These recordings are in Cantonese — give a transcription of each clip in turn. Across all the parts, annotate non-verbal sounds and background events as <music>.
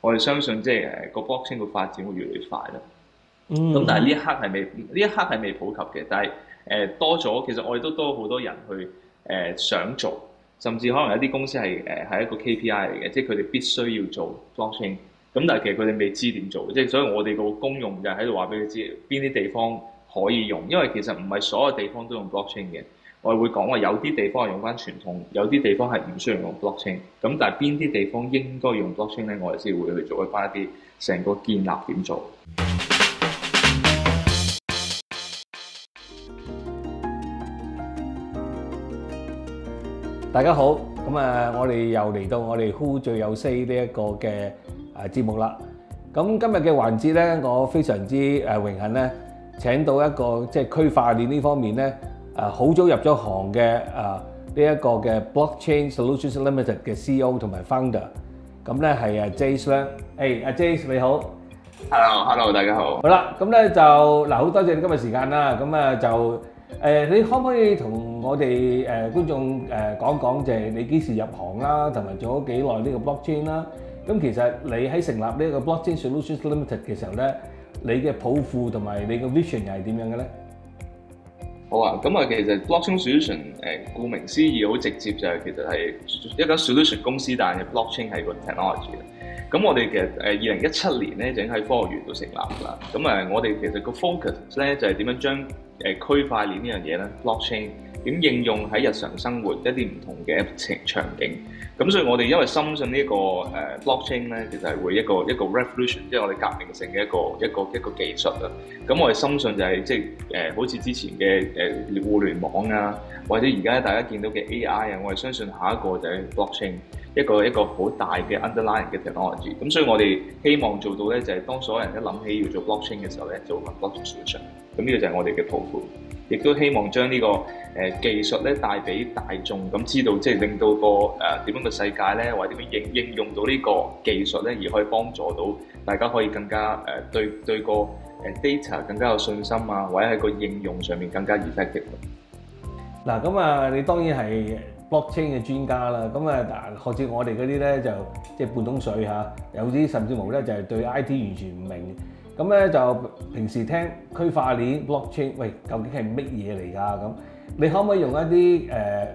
我哋相信即係、誒個 blockchain 嘅發展會越嚟越快啦。咁、嗯、但係呢一刻係未，呢一刻係未普及嘅。但係誒、呃、多咗，其實我哋都多好多人去誒、呃、想做，甚至可能有啲公司係誒係一個 KPI 嚟嘅，即係佢哋必須要做 blockchain。咁但係其實佢哋未知點做，即係所以我哋個功用就喺度話俾佢知邊啲地方可以用，因為其實唔係所有地方都用 blockchain 嘅。我會講話有啲地方係用返傳統，有啲地方係唔需要用 Blockchain。咁但係邊啲地方應該用 Blockchain 咧？我哋先會去做一返一啲成個建立點做。大家好，咁啊，我哋又嚟到我哋 Hu 最有 Say 呢一個嘅啊節目啦。咁今日嘅環節咧，我非常之誒榮幸咧，請到一個即係區塊鏈呢方面咧。誒好早入咗行嘅誒呢一個嘅 Blockchain Solutions Limited 嘅 CEO 同埋 founder，咁咧係誒 Jase 咧，誒阿 Jase 你好，Hello，Hello，大家好。好啦，咁咧就嗱好多謝你今日時間啦，咁啊就誒你可唔可以同我哋誒觀眾誒講講就係你幾時入行啦，同埋做咗幾耐呢個 Blockchain 啦？咁其實你喺成立呢一個 Blockchain Solutions Limited 嘅時候咧，你嘅抱負同埋你嘅 vision 又係點樣嘅咧？好啊，咁啊，其實 Blockchain Solution 誒，顧名思義好直接就係其實係一間 solution 公司，但係 blockchain 係個 technology。咁我哋其實誒二零一七年咧，整喺科學園度成立噶啦。咁啊，我哋其實個 focus 咧就係、是、點樣將誒區塊鏈呢樣嘢咧，blockchain，點應用喺日常生活一啲唔同嘅情場景？咁所以我哋因為深信個呢個誒 blockchain 咧，其實係會一個一個 revolution，即係我哋革命性嘅一個一個一個技術啊。咁我哋深信就係即係誒，好似之前嘅誒互聯網啊，或者而家大家見到嘅 AI 啊，我哋相信下一個就係 blockchain，一個一個好大嘅 underlying 嘅 technology。咁所以我哋希望做到咧，就係、是、當所有人一諗起要做 blockchain 嘅時候咧，就會 Blockchain Solutions，咁呢個就係我哋嘅抱負。亦都希望將呢個誒技術咧帶俾大眾，咁知道即係令到個誒點樣嘅世界咧，或者點樣應應用到呢個技術咧，而可以幫助到大家可以更加誒對對個誒 data 更加有信心啊，或者喺個應用上面更加 effective。嗱咁啊，你當然係 blockchain 嘅專家啦。咁啊，學似我哋嗰啲咧，就即係半桶水嚇，有啲甚至乎咧就係對 IT 完全唔明。咁咧就平時聽區塊鏈 blockchain，喂，究竟係乜嘢嚟㗎？咁你可唔可以用一啲、呃、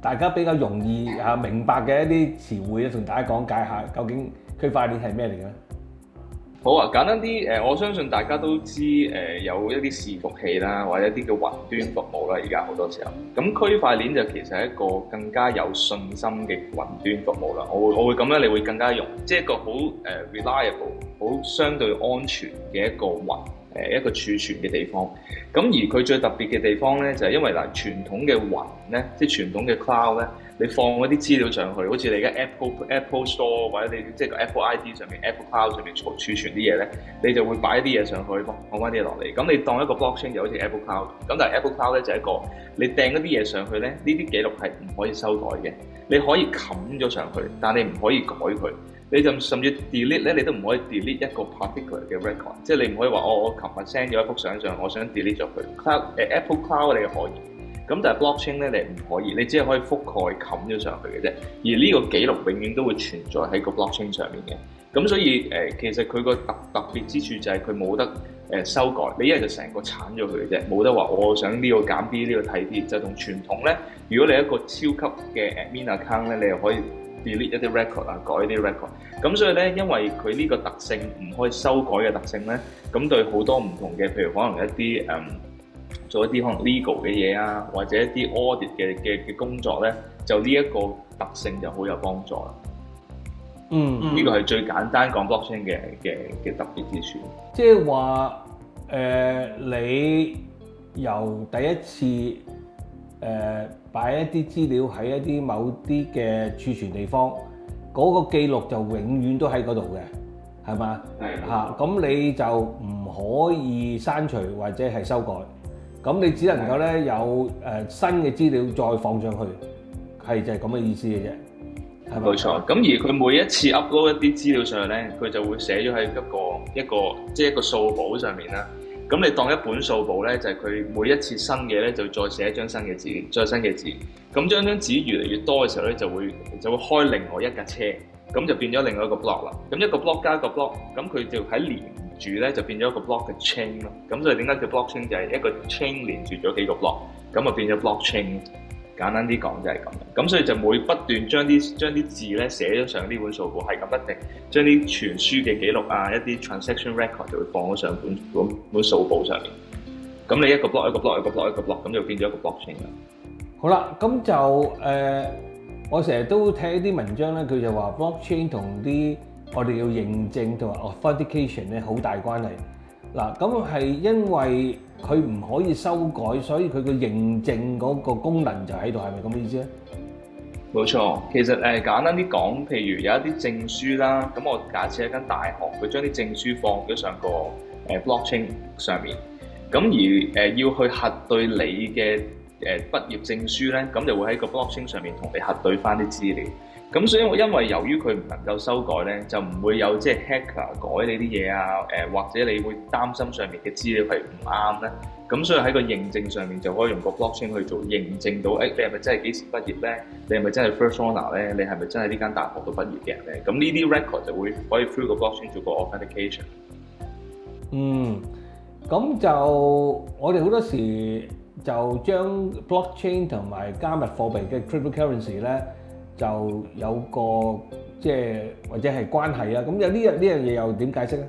大家比較容易、啊、明白嘅一啲詞彙咧，同大家講解下究竟區塊鏈係咩嚟㗎？好啊，簡單啲誒、呃，我相信大家都知誒、呃，有一啲伺服器啦，或者一啲叫雲端服務啦，而家好多時候，咁區塊鏈就其實係一個更加有信心嘅雲端服務啦。我會我會咁樣，你會更加用，即、就、係、是、一個好誒、呃、reliable，好相對安全嘅一個雲誒、呃、一個儲存嘅地方。咁而佢最特別嘅地方咧，就係、是、因為嗱、呃、傳統嘅雲咧，即係傳統嘅 cloud 咧。你放嗰啲資料上去，好似你而家 Apple Apple Store 或者你即係個 Apple ID 上面 Apple Cloud 上面儲儲存啲嘢咧，你就會擺啲嘢上去，放翻啲嘢落嚟。咁你當一個 Blockchain 就好似 Apple Cloud，咁但係 Apple Cloud 咧就係一個你掟嗰啲嘢上去咧，呢啲記錄係唔可以修改嘅。你可以冚咗上去，但你唔可以改佢。你就甚至 delete 咧，你都唔可以 delete 一個 particular 嘅 record，即係你唔可以話哦，我琴日 send 咗一幅相上，我想 delete 咗佢。Cloud, Apple Cloud 你可以。咁但係 blockchain 咧，你唔可以，你只係可以覆蓋冚咗上去嘅啫。而呢個記錄永遠都會存在喺個 blockchain 上面嘅。咁所以誒、呃，其實佢個特特別之處就係佢冇得誒修改，你一係就成個鏟咗佢嘅啫，冇得話我想呢個減啲，呢個睇啲。就同傳統咧，如果你一個超級嘅 admin account 咧，你又可以 delete 一啲 record 啊，改一啲 record。咁所以咧，因為佢呢個特性唔可以修改嘅特性咧，咁對好多唔同嘅，譬如可能一啲誒。Um, 做一啲可能 legal 嘅嘢啊，或者一啲 audit 嘅嘅嘅工作咧，就呢一個特性就好有幫助啦。嗯，呢個係最簡單講 blockchain 嘅嘅嘅特別之處，即係話誒你由第一次誒擺、呃、一啲資料喺一啲某啲嘅儲存地方，嗰、嗰個記錄就永遠都喺嗰度嘅，係嘛？係吓的，咁、啊、你就唔可以刪除或者係修改。咁你只能夠咧有誒、呃、新嘅資料再放上去，係就係咁嘅意思嘅啫，係咪？冇錯。咁吧而佢每一次 upload 一啲資料上嚟咧，佢就會寫咗喺一個一個即係、就是、一個數簿上面啦。咁你當一本數簿咧，就係、是、佢每一次新嘅咧就再寫一張新嘅紙，再新嘅紙。咁一張張紙越嚟越多嘅時候咧，就會就會開另外一架車。咁就變咗另外一個 block 啦。咁一個 block 加一個 block，咁佢就喺連住咧，就變咗一個 block 嘅 chain 咯。咁所以點解叫 block chain 就係一個 chain 連住咗幾個 block，咁就變咗 block chain。簡單啲講就係咁。咁所以就會不斷將啲將啲字咧寫咗上呢本數簿，係咁一定將啲傳輸嘅記錄啊，一啲 transaction record 就會放咗上本本本數簿上面。咁你一個 block 一個 block 一個 block 一個 block，咁就變咗一個 block chain 啦。好啦，咁就誒。呃我成日都睇一啲文章咧，佢就話 blockchain 同啲我哋要認證同埋 authentication 咧好大關係。嗱，咁係因為佢唔可以修改，所以佢個認證嗰個功能就喺度，係咪咁嘅意思咧？冇錯，其實誒簡單啲講，譬如有一啲證書啦，咁我假設一間大學佢將啲證書放咗上個誒 blockchain 上面，咁而誒要去核對你嘅。誒畢業證書咧，咁就會喺個 blockchain 上面同你核對返啲資料。咁所以因為由於佢唔能夠修改咧，就唔會有即係 hacker 改你啲嘢啊。誒或者你會擔心上面嘅資料係唔啱咧。咁所以喺個認證上面就可以用個 blockchain 去做認證到誒你係咪真係幾時畢業咧？你係咪真係 first honour 咧？你係咪真係呢間大學度畢業嘅人咧？咁呢啲 record 就會可以 through 個 blockchain 做個 authentication。嗯，咁就我哋好多時。就將 blockchain 同埋加密貨幣嘅 cryptocurrency 咧，就有個即係或者係關係啊。咁有呢樣呢樣嘢又點解釋咧？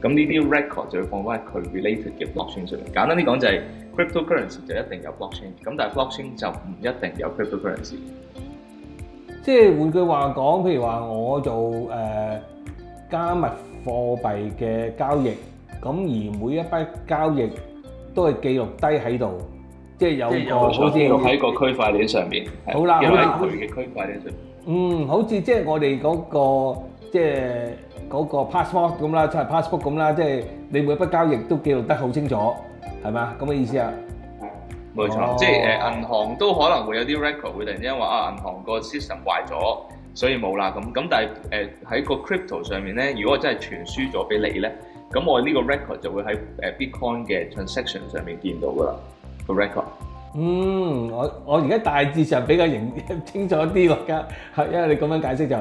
咁呢啲 record 就要放返喺佢 related 嘅 blockchain 上面。簡單啲講就係、是、cryptocurrency 就一定有 blockchain，咁但係 blockchain 就唔一定有 cryptocurrency。即係換句話講，譬如話我做誒、呃、加密貨幣嘅交易，咁而每一筆交易都係記錄低喺度，即係有個，有個好似記錄喺個區塊鏈上面，好係，係喺佢嘅區塊鏈上面。嗯，好似、那個、即係我哋嗰個即係。嗰個 password 咁啦，即係 passport 咁啦，即係你每一筆交易都記錄得好清楚，係嘛？咁嘅意思啊？冇錯。哦、即係誒，銀行都可能會有啲 record，會突然之間話啊，銀行個 system 壞咗，所以冇啦咁。咁但係誒喺個 crypto 上面咧，如果我真係傳輸咗俾你咧，咁我呢個 record 就會喺誒 bitcoin 嘅 transaction 上面見到㗎啦個 record。嗯，我我而家大致上比較明清楚啲㗎，係因為你咁樣解釋就。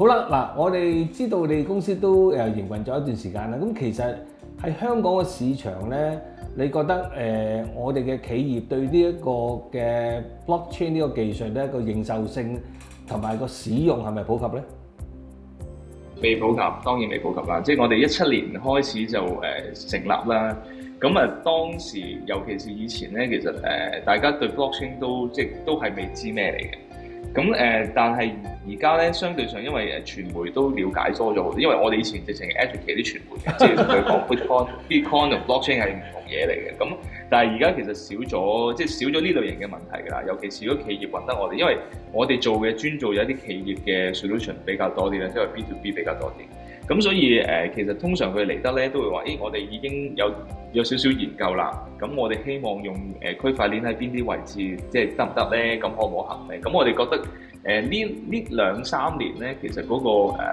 好啦，嗱，我哋知道你哋公司都誒、呃、營運咗一段時間啦。咁、嗯、其實，喺香港嘅市場咧，你覺得誒、呃，我哋嘅企業對呢、這、一個嘅 blockchain 呢個技術咧個認受性同埋個使用係咪普及咧？未普及，當然未普及啦。即係，我哋一七年開始就誒成立啦。咁啊，當時尤其是以前咧，其實誒，大家對 blockchain 都即係都係未知咩嚟嘅。咁誒、呃，但係而家咧，相對上因為誒傳媒都了解多咗好多。因為我哋以前直情係 educate 啲傳媒， <laughs> 即係佢講 Bitcoin、Bitcoin, Bitcoin block 同 Blockchain 係唔同嘢嚟嘅。咁但係而家其實少咗，即係少咗呢類型嘅問題㗎啦。尤其是如果企業搵得我哋，因為我哋做嘅專做有一啲企業嘅 solution 比較多啲咧，即係 B to B 比較多啲，咁所以誒，其實通常佢嚟得咧，都會話，誒、欸，我哋已經有有少少研究啦。咁我哋希望用誒、呃、區塊鏈喺邊啲位置，即係得唔得咧？咁可唔可行咧？咁我哋覺得誒呢呢兩三年咧，其實嗰、那個誒誒、呃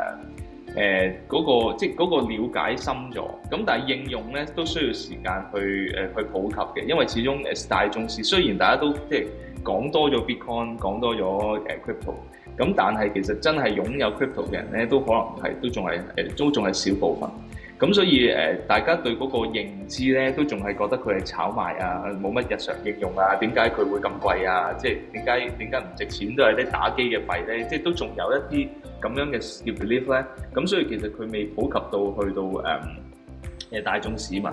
呃那個、即係嗰個了解深咗。咁但係應用咧都需要時間去誒、呃、去普及嘅，因為始終大眾市。雖然大家都即係講多咗 Bitcoin，講多咗誒 Crypto。呃 Crypt o, 咁但係其實真係擁有 crypto 嘅人咧，都可能係都仲係誒都仲係少部分。咁所以誒、呃，大家對嗰個認知咧，都仲係覺得佢係炒賣啊，冇乜日常應用啊，點解佢會咁貴啊？即係點解點解唔值錢都係啲打機嘅幣咧？即係都仲有一啲咁樣嘅 belief 咧。咁所以其實佢未普及到去到誒誒、嗯、大眾市民。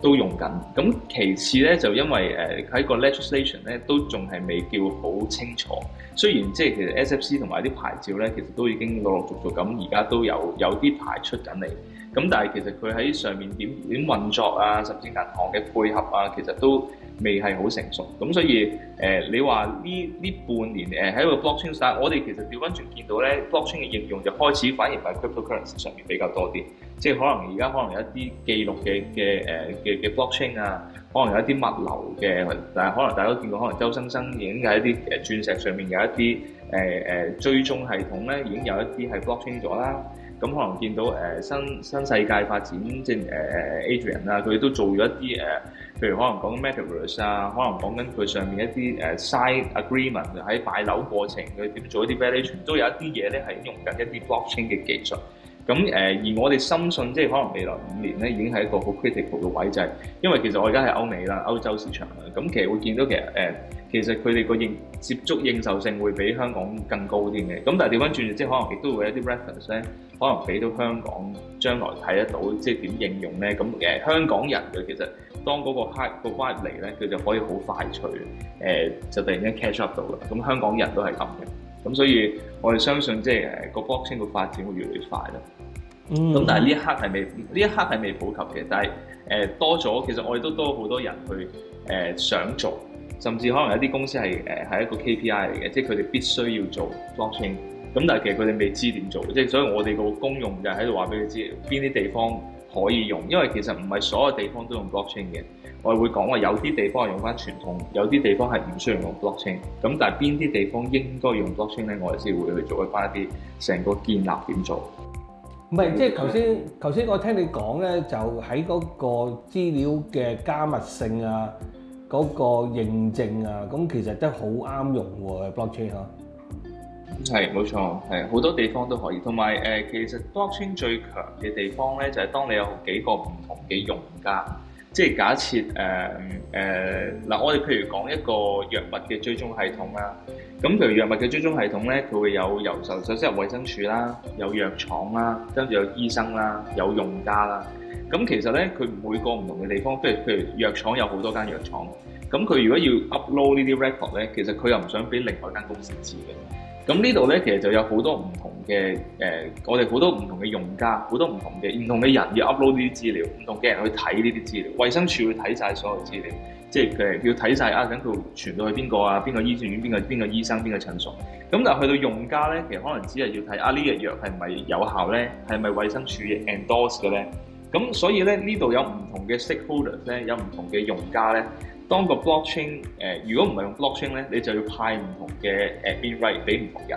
都用緊，咁其次咧，就因為誒喺、呃、個 legislation 咧都仲係未叫好清楚，雖然即係其實 SFC 同埋啲牌照咧其實都已經陸陸續續咁而家都有有啲牌出緊嚟。咁但係其實佢喺上面點點運作啊，甚至銀行嘅配合啊，其實都未係好成熟。咁所以誒、呃，你話呢呢半年誒喺、呃、個 blockchain s t 上，我哋其實調返轉見到咧，blockchain 嘅應用就開始反而喺 cryptocurrency 上面比較多啲。即係可能而家可能有一啲記錄嘅嘅誒嘅嘅 blockchain 啊，可能有一啲物流嘅，但係可能大家都見過，可能周生生已經喺一啲誒鑽石上面有一啲誒誒追蹤系統咧，已經有一啲係 blockchain 咗啦。咁可能見到誒新新世界發展正 Adrian 啦，佢、就是啊、都做咗一啲誒、啊，譬如可能講緊 metaverse 啊，可能講緊佢上面一啲誒 side agreement 喺買樓過程佢點做一啲 valuation，都有一啲嘢咧係用緊一啲 blockchain 嘅技術。咁誒、啊、而我哋深信，即、就、係、是、可能未來五年咧已經係一個好 critical 嘅位，就係、是、因為其實我而家喺歐美啦，歐洲市場啦，咁其實會見到其實誒。啊其實佢哋個應接觸應受性會比香港更高啲嘅，咁但係掉返轉，即係可能亦都會有一啲 reference 咧，可能俾到香港將來睇得到，即係點應用咧？咁誒香港人佢其實當嗰個 high 個 wave 嚟咧，佢就可以好快脆誒就突然間 catch up 到啦。咁香港人都係咁嘅，咁所以我哋相信即係誒個 boxing 嘅發展會越嚟越快咯。咁但係呢一刻係未，呢一刻係未普及嘅，但係誒、呃、多咗，其實我哋都多好多人去誒、呃、想做。甚至可能有啲公司係誒係一個 KPI 嚟嘅，即係佢哋必須要做 blockchain。咁但係其實佢哋未知點做，即係所以我哋個功用就喺度話俾你知邊啲地方可以用，因為其實唔係所有地方都用 blockchain 嘅。我哋會講話有啲地方係用翻傳統，有啲地方係唔需要用 blockchain。咁但係邊啲地方應該用 blockchain 咧？我哋先會去做一翻一啲成個建立點做。唔係，即係頭先頭先我聽你講咧，就喺嗰個資料嘅加密性啊。嗰個認證啊，咁其實都好啱用喎、啊、blockchain 嗬、啊。係，冇錯，係好多地方都可以。同埋誒，其實 blockchain 最強嘅地方咧，就係、是、當你有幾個唔同嘅用家，即係假設誒誒，嗱、呃呃嗯呃、我哋譬如講一個藥物嘅追蹤系統啊。咁譬如藥物嘅追蹤系統咧，佢會有由首首先係衞生署啦，有藥廠啦，跟住有醫生啦，有用家啦。咁其實咧，佢每個唔同嘅地方，即係譬如藥廠有好多間藥廠，咁佢如果要 upload 呢啲 record 咧，其實佢又唔想俾另外間公司知嘅。咁呢度咧，其實就有好多唔同嘅誒、呃，我哋好多唔同嘅用家，好多唔同嘅唔同嘅人要 upload 呢啲資料，唔同嘅人去睇呢啲資料，衞生署會睇晒所有資料。即係誒要睇晒，啊，等佢傳到去邊個啊？邊個醫院、邊個邊個醫生、邊個診所？咁但係去到用家咧，其實可能只係要睇啊呢個藥係唔係有效咧？係咪衛生署 endorse 嘅咧？咁所以咧呢度有唔同嘅 stakeholders 咧，有唔同嘅用家咧。當個 blockchain 誒、呃，如果唔係用 blockchain 咧，你就要派唔同嘅 admin right 俾唔同人。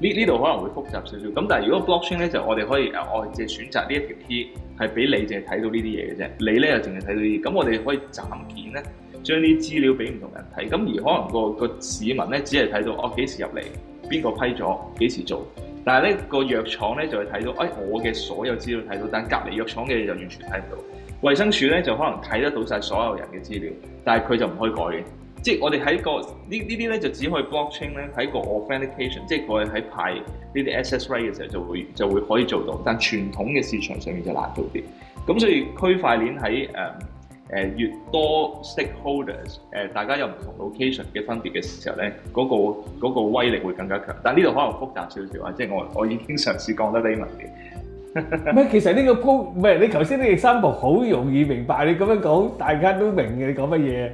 呢呢度可能會複雜少少。咁但係如果 blockchain 咧，就我哋可以誒，我哋淨係選擇呢一條 key，係俾你淨係睇到呢啲嘢嘅啫。你咧又淨係睇到啲。咁我哋可以斬件咧。將啲資料俾唔同人睇，咁而可能個個市民咧只係睇到哦幾時入嚟，邊個批咗幾時做，但係咧個藥廠咧就會睇到，哎我嘅所有資料睇到，但隔離藥廠嘅嘢就完全睇唔到。衛生署咧就可能睇得到晒所有人嘅資料，但係佢就唔可以改嘅。即係我哋喺個呢呢啲咧就只可以 blockchain 咧喺個 authentication，即係佢喺派呢啲 access ray 嘅時候就會就會可以做到，但係傳統嘅市場上面就難做啲。咁所以區塊鏈喺誒。嗯誒越多 stakeholders，誒大家有唔同 location 嘅分別嘅時候咧，嗰、嗰個嗰個威力會更加強。但呢度可能複雜少少啊，即係我我已經嘗試講得呢文嘅。唔其實呢個鋪，唔係你頭先啲三部好容易明白，你咁樣講大家都明嘅，你講乜嘢？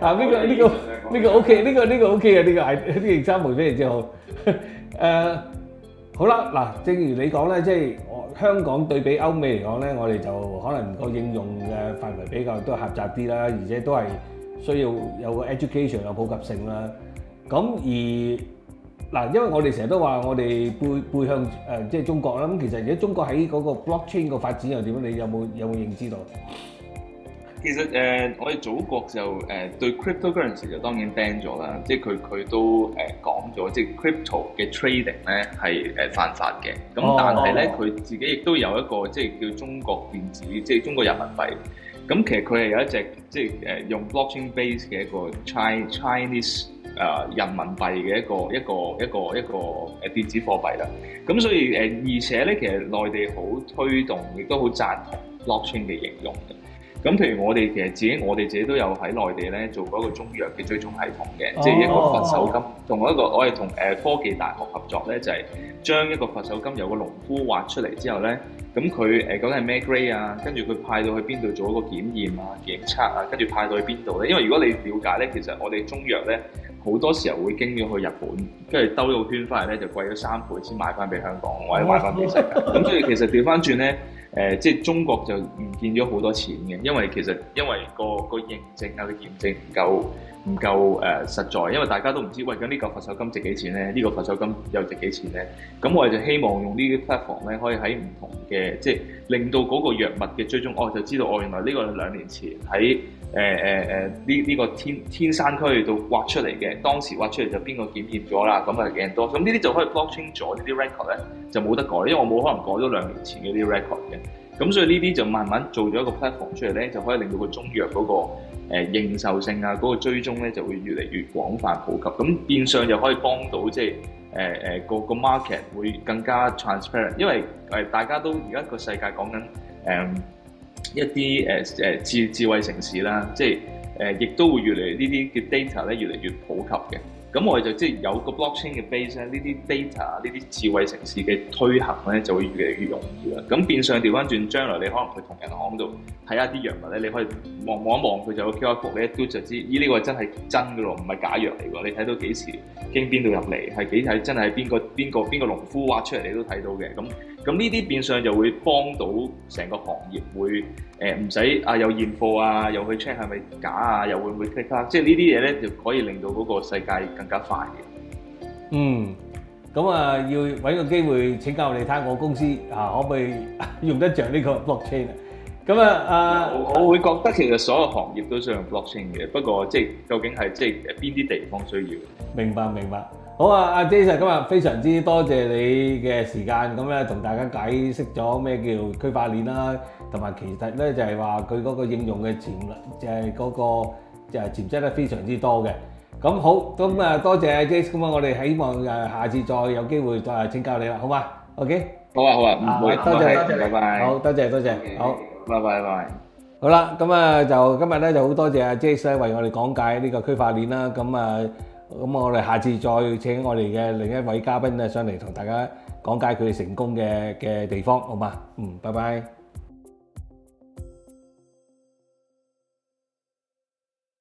啊，呢、 <laughs> 呢個呢、呢個呢、呢個呢個呢個 OK，呢、呢個呢、呢個 OK 啊，呢個啲三步非常之好。誒、uh,。好啦，嗱，正如你講咧，即係香港對比歐美嚟講咧，我哋就可能個應用嘅範圍比較都狹窄啲啦，而且都係需要有個 education 有普及性啦。咁而嗱，因為我哋成日都話我哋背背向誒、呃、即係中國啦，咁其實而家中國喺嗰個 blockchain 個發展又點樣？你有冇有冇認知到？其實誒、呃，我哋祖國就誒、呃、對 cryptocurrency 就當然 ban 咗啦，即係佢佢都誒、呃、講咗，即係 crypto 嘅 trading 咧係誒、呃、犯法嘅。咁但係咧，佢、哦哦哦哦、自己亦都有一個即係叫中國電子，即係中國人民幣。咁其實佢係有一隻即係誒用 blockchain base 嘅一個 Chi, Chinese 啊、呃、人民幣嘅一個一個一個,一個,一個一個電子貨幣啦。咁所以誒、呃，而且咧其實內地好推動，亦都好贊同 blockchain 嘅應用嘅。咁譬如我哋其實自己，我哋自己都有喺內地咧做過一個中藥嘅追蹤系統嘅，哦、即係一個佛手金。同一個我哋同誒科技大學合作咧，就係、是、將一個佛手金由個農夫挖出嚟之後咧，咁佢誒究竟係咩 grade 啊？跟住佢派到去邊度做一個檢驗啊、檢測啊？跟住派到去邊度咧？因為如果你了解咧，其實我哋中藥咧好多時候會經咗去日本，跟住兜到圈翻嚟咧就貴咗三倍先買翻俾香港我哋買翻俾世界。咁、哦、 <laughs> 所以其實調翻轉咧。誒、呃，即係中國就唔見咗好多錢嘅，因為其實因為、嗰個、嗰個認證啊、嗰個驗證唔夠。唔夠誒實在，因為大家都唔知，喂咁呢個佛手金值幾錢咧？呢、這個佛手金又值幾錢咧？咁我哋就希望用呢啲 platform 咧，可以喺唔同嘅，即、就、係、是、令到嗰個藥物嘅追蹤，我就知道，我原來呢個兩年前喺誒誒誒呢呢個天天山區度挖出嚟嘅，當時挖出嚟就邊個檢驗咗啦？咁啊幾多，咁呢啲就可以 blockchain 咗呢啲 record 咧，就冇得改，因為我冇可能改咗兩年前嘅啲 record 嘅。咁所以呢啲就慢慢做咗一個 platform 出嚟咧，就可以令到個中藥嗰個誒認受性啊，嗰個追蹤咧就會越嚟越廣泛普及。咁變相就可以幫到即係誒誒個個 market 會更加 transparent，因為誒大家都而家個世界講緊誒一啲誒誒智智慧城市啦，即係誒亦都會越嚟呢啲嘅 data 咧越嚟越普及嘅。咁我哋就即係有個 blockchain 嘅 base 咧，呢啲 data、呢啲智慧城市嘅推行咧就會越嚟越容易啦。咁變相調翻轉，將來你可能去同銀行度睇下啲藥物咧，你可以望望一望佢就有個 QR code，你一嘟就知，咦呢個真係真嘅咯，唔係假藥嚟喎。你睇到幾時經邊度入嚟，係幾係真係邊個邊個邊個農夫挖出嚟，你都睇到嘅咁。咁呢啲變相就會幫到成個行業會，誒唔使啊又驗貨啊又去 check 係咪假啊又會唔會 fake 啦，即係呢啲嘢咧，就可以令到嗰個世界更加快嘅。嗯，咁啊，要揾個機會請教你睇下我公司啊，可唔可以用得著呢個 blockchain 啊？咁啊，啊，我會覺得其實所有行業都想用 blockchain 嘅，不過即係究竟係即係邊啲地方需要？明白，明白。好啊，阿 Jason 今日非常之多謝你嘅時間，咁咧同大家解釋咗咩叫區塊鏈啦，同埋其實咧就係話佢嗰個應用嘅潛，就係嗰個就係潛質咧非常之多嘅。咁好，咁啊多謝阿 Jason，咁啊我哋希望誒下次再有機會再請教你啦，好嘛？OK。好啊好啊，唔會，多謝你，拜拜。好多謝多謝，好，拜拜拜。好啦，咁啊就今日咧就好多謝阿 Jason 為我哋講解呢個區塊鏈啦，咁啊。咁我哋下次再請我哋嘅另一位嘉賓上嚟同大家講解佢哋成功嘅嘅地方，好嘛？嗯，拜拜。